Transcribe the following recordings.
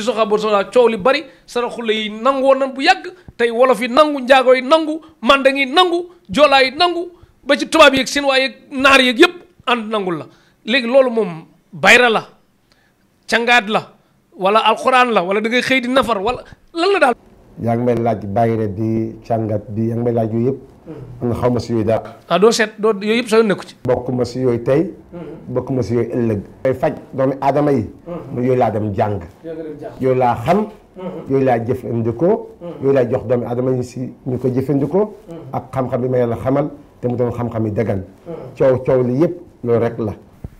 ci soxa bor soxlaa coow li bari saraxule yi nangu woon nan bu yàgg tey wolof yi nangu njaago yi nangu mandeng yi nangu joola yi nangu ba ci tubaab yeeg sinwaa yeeg naar yeeg yëpp ànd nangul la léegi loolu moom bayra la cangaat la wala alxuraan la wala da ngay xëy di nafar wala lan la daal yaa ngi may laaj bayra bi càngat bi yaa ngi may laaj yooyu yëpp Mm-hmm. man xaw ma si yooyu dara. ah doo seet doo yooyu yëpp sa yoon nekku ci. bokk ma si yooyu tey. Mm-hmm. bokk ma si yooyu ëllëg. yooyu faj doomi aadama yi. Mm-hmm. yooyu laa dem jàng. yooyu laa xam. yooyu laa jëfandikoo. yooyu laa jox doomi aadama yi si ñu ko jëfandikoo. ak xam bi ma yàlla xamal te mu doon xam-xam yi dagan. coow coow li loolu rek la.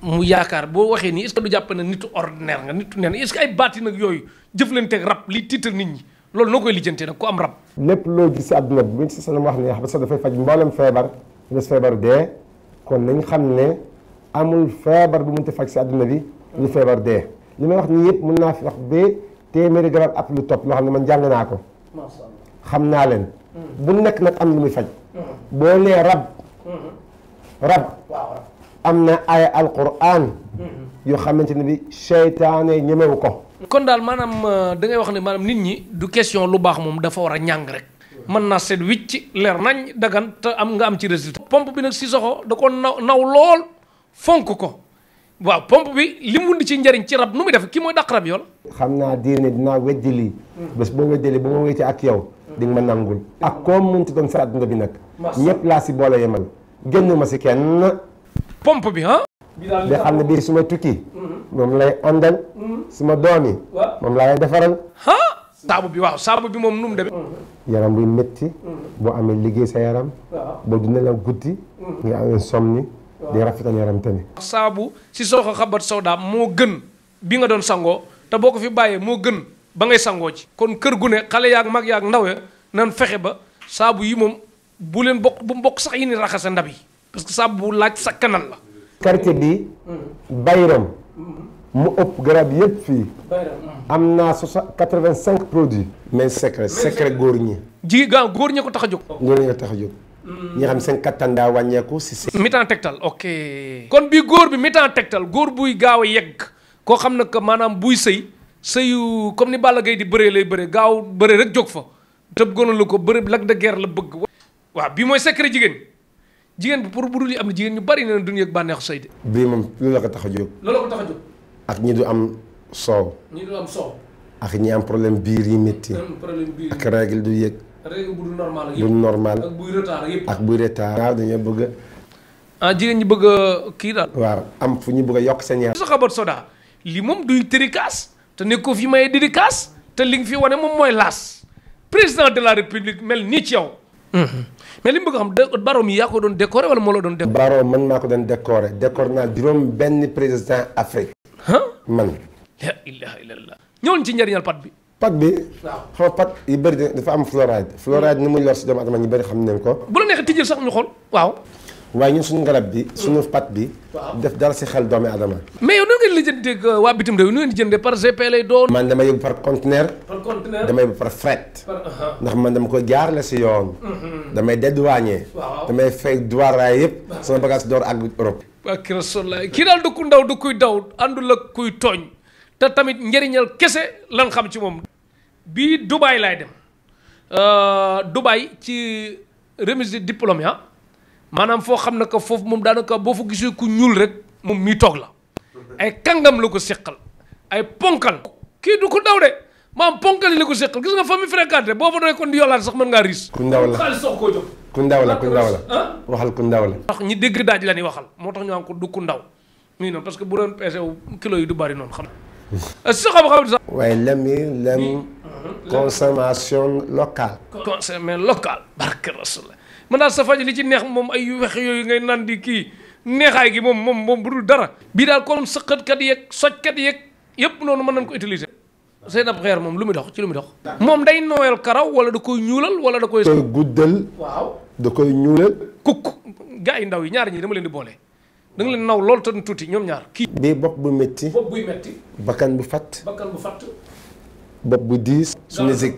mu yaakaar boo waxee nii est-ce du jàpp ne nitu ordinaire nga nitu neen est-ce que ay baati nag yooyu jëflanteeg rab li tiital nit ñi. loolu noo koy lijjantee nag ku am rab. lépp loo si àdduna bi bu ñu si seen wax ne sax dafay faj mboolem feebar des feebaru dee kon nañ xam ne amul feebar bu mënta faj si àdduna bi lu feebar dee. li may wax nii yëpp mën naa wax ba téeméeri garab at lu topp loo xam ne jàng naa ko. xam naa leen. Hmm. bu nekk nag am lu muy faj. Hmm. boo nee hmm. rab. am na ay alquran. yoo xamante ne bi seytaane ñemewu ko. kon daal maanaam euh, dangay wax ne maanaam nit ñi du question lu baax moom dafa war a ñàng rek. mën naa seet wicc leer nañ dagan am nga am ci résultat. pompe bi si soxo da ko naw naw lool fonk ko waaw pompe bi li mu wund ci njariñ ci rab nu muy def ki mooy dàq rab yoon xam naa diine dinaa weddi lii. bés boo weddee lii ba ma wéetee ak yow. di nga ma nangul. ak koo mënti doon sa adduna bi nag. ñëpp laa si boole yemal génn ma si kenn. pomp bi ah. di xam ne bii suma tukki. Mm-hmm. moom lay àndal. Mm-hmm. suma doom yi. moom laa lay defaral. saabu bi waaw saabu bi moom nu mu demee. Mm-hmm. yaram buy métti. boo amee liggéey sa yaram. boo dina la guddi. nga amee somni. di rafetal yaram tamit. saabu si soo ko xabat sawda moo gën bi nga doon sangoo te boo ko fi bàyyee moo gën ba ngay sangoo ci. kon kër gu ne xale yaag mag yaag ndaw ya nan fexe ba saabu yi moom bu leen bokk bu mbokk sax yi ni raxase ndab yi parce saabu bu laaj quartier bi mm-hmm. Bayram mm-hmm. mu ëpp garab yëpp fii mm-hmm. am naa soixante quatre-vingt-cinq produits mais secret secret góor ñi jigéen gaaw góor ñi ko tax a jóg góor ñi tax a jóg ñi xam seen kattan daa wàññeeku si si mitan tegtal ok kon bii góor bi mitan tegtal góor buy gaaw a yegg koo xam ne que maanaam buy sëy sëyu comme ni Balla gay di bëree lay bëree gaaw bëree rek jóg fa tëb gonalu ko bëri Lac de la bëgg waaw bii mooy secret jigéen jigéen bi pour bu dul yi am na jigéen ñu bari na duñu yëg bànneexu sëy de. bii moom loolu la ko tax a jóg. loolu la ak ñi du am soow. ñi du ak ñi am problème biir yi métti. problème biir ak règle du yëg. bu dul normal ak buy retard ak yëpp. ak buy bëgg ah, jigéen ñi bëgg kii daal. waaw am fu ñu bëgg a yokk seen yaram. sa xabar soda li moom duy tërikaas te nekkoo fi maye dédicace te li nga fi wane moom mooy laas président de la république mel nii ci yow. Mm-hmm. mais li mu bëgg xam baroom yi yaa ko doon décoré wala moo la doon décoré. baroom man maa ko doon décoré décoré naa juróom benn président Afrique. man. la ilaha illallah ñëwoon ci njëriñal pat bi. pat bi. waaw xam yi pat yu bëri dafa am fluoride. fluoride ni muy lor si doomu adama ñu bari xam nañ ko. bu la neexee tijjil sax ñu xool waaw. waaye ñun suñu ngarab bi suñu pat bi. def dara si xel doomi aadama. mais yow noonu ngeen di jëndee euh, waa bitim réew nu ngeen di jëndee par GP lay doon. man dama yóbbu par conteneur. par conteneur dama yóbbu par fret. ndax man dama ko jaarale si yoon. Mhm. damay dédouaner. damay fay douaraay yëpp. sama bagage door ak Europe. waa Rasulullah kii daal du ku ndaw du kuy daw àndul ak kuy tooñ te tamit njëriñal kese lan xam ci moom. bii Dubaay laay dem euh, Dubaay ci remise de diplôme ya ah. maanaam foo xam na que foofu moom daanaka boo fa gisee ku ñuul rek moom mii toog la ay kàngam la ko seqal ay ponkal kii du ku daw de maam ponkal yi la ko gis nga fa mi fréquenté boo fa doy kon di yolaat sax mën ngaa riis kuñ daw la xaalis sox koo la waxal kuñ daw la ndax ñi dégg daaj la ni waxal moo tax ñu am ko du ku ndaw mii noonu parce que bu doon peese wu kilo yi du bari noon xam si xam-xam sax waaye lem yi lem hmm. consommation locale consommation locale kër rasul man daal sa faj li ci neex moom ay weex yooyu ngay naan di kii neexaay gi moom moom moom bu dul dara bii daal kon sëqatkat yeeg sojkat yeeg yëpp noonu mën nañ ko utiliser seen ab xeer moom lu muy dox ci lu mu dox moom day nooyal karaw wala da koy ñuulal wala da koy guddal waaw da koy ñuulal kukk gaa yi ndaw yi ñaar ñi dama leen di boole da nga leen naw loolu tan tuuti ñoom ñaar kii bii bopp bu métti bopp buy metti bakkan bu fatt bakkan bu fatt bopp bu diis suñu zig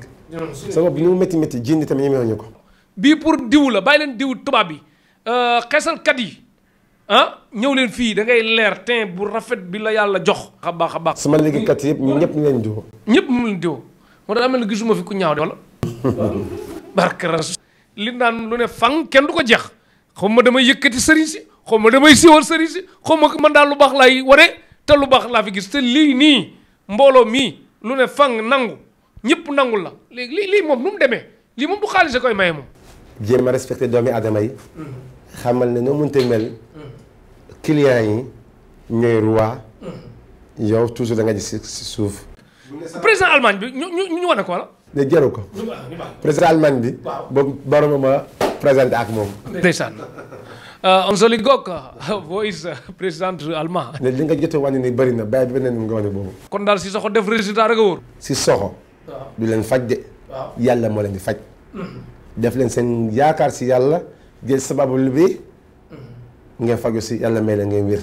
sa bopp bi ñu métti métti jindi tamit ñemewuñu ko bii pour diw la bàyyi leen diw tubaab bi euh, xeesalkat yi ah ñëw leen fii da ngay leer teint bu rafet bi la yàlla jox. xam baax a baax sama liggéeykat yëpp ñëpp ñu leen diw. ñëpp mu leen diw moo tax na gisuma fi ku ñaaw de wala. barke rasul lu ne fang kenn du ko jeex xaw ma damay yëkkati sëriñ si xaw ma damay siiwal sëriñ si xaw ma man daal lu baax laay wane te lu baax laa fi gis te lii nii mbooloo mii lu ne fang nangu ñëpp nangul la léegi lii lii moom nu mu demee lii moom bu xaalis koy maye moom. jéem ma respecté doomi aadama yi xamal ne noo mënta mel clients yi ñooy roi yow toujours da nga gis si suuf président Allemagne bi ñu ñu ñu wane ko wala de jaru ko président Allemagne bi boobu baroma ma présenté ak moom ndeysaan euh, Anzali Gok voice euh, présidente allemand ne li nga jot a wàññi ni na bàyyi bi beneen mu nga wane boobu kon daal si soxo def résultat rek a wóor si soxo du leen faj de yàlla moo leen di faj mm-hmm. def leen seen yaakaar si yàlla jël sababu lu bi ngeen fajo si yàlla may la ngeen wér